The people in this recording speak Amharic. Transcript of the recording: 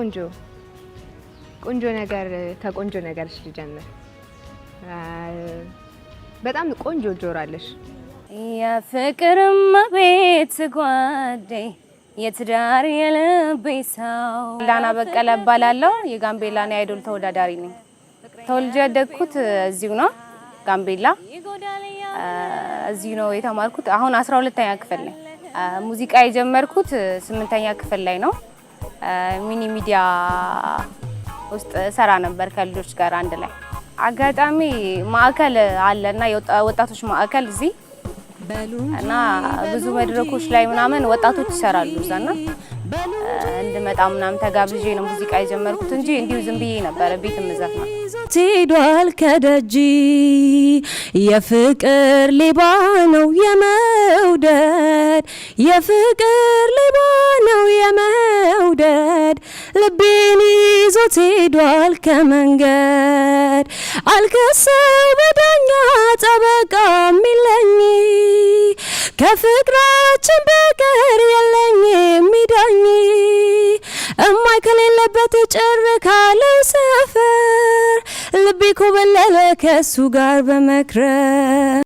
ቆንጆ ቆንጆ ነገር ከቆንጆ ነገርሽ ልጀምር። በጣም ቆንጆ ጆሮ አለሽ። የፍቅርማ ቤት ጓዴ የትዳር የልቤ ሰው ዳና በቀለ እባላለሁ። ነው አይዶል ተወዳዳሪ ነኝ። ተወልጄ ያደግኩት እዚሁ ነው፣ ጋምቤላ እዚሁ ነው የተማርኩት። አሁን አስራ ሁለተኛ ክፍል ነኝ። ሙዚቃ የጀመርኩት ስምንተኛ ክፍል ላይ ነው። ሚኒ ሚዲያ ውስጥ ሰራ ነበር ከልጆች ጋር አንድ ላይ። አጋጣሚ ማዕከል አለ እና ወጣቶች ማዕከል እዚህ እና ብዙ መድረኮች ላይ ምናምን ወጣቶች ይሰራሉ እዛ እና እንድመጣ ምናምን ተጋብዤ ነው ሙዚቃ የጀመርኩት እንጂ እንዲሁ ዝም ብዬ ነበረ ቤት ምዘፍ ነው። ሄዷል ከደጂ የፍቅር ሌባ ነው የመውደድ የፍቅር ሌባ መንገድ ልቤን ይዞት ሄዷል ከመንገድ አልከሰው በዳኛ ጠበቃ ሚለኝ ከፍቅራችን በቀር የለኝ ሚዳኝ እማይ ከሌለበት ጭር ካለው ሰፈር ልቤ ኮበለለ ከሱ ጋር በመክረ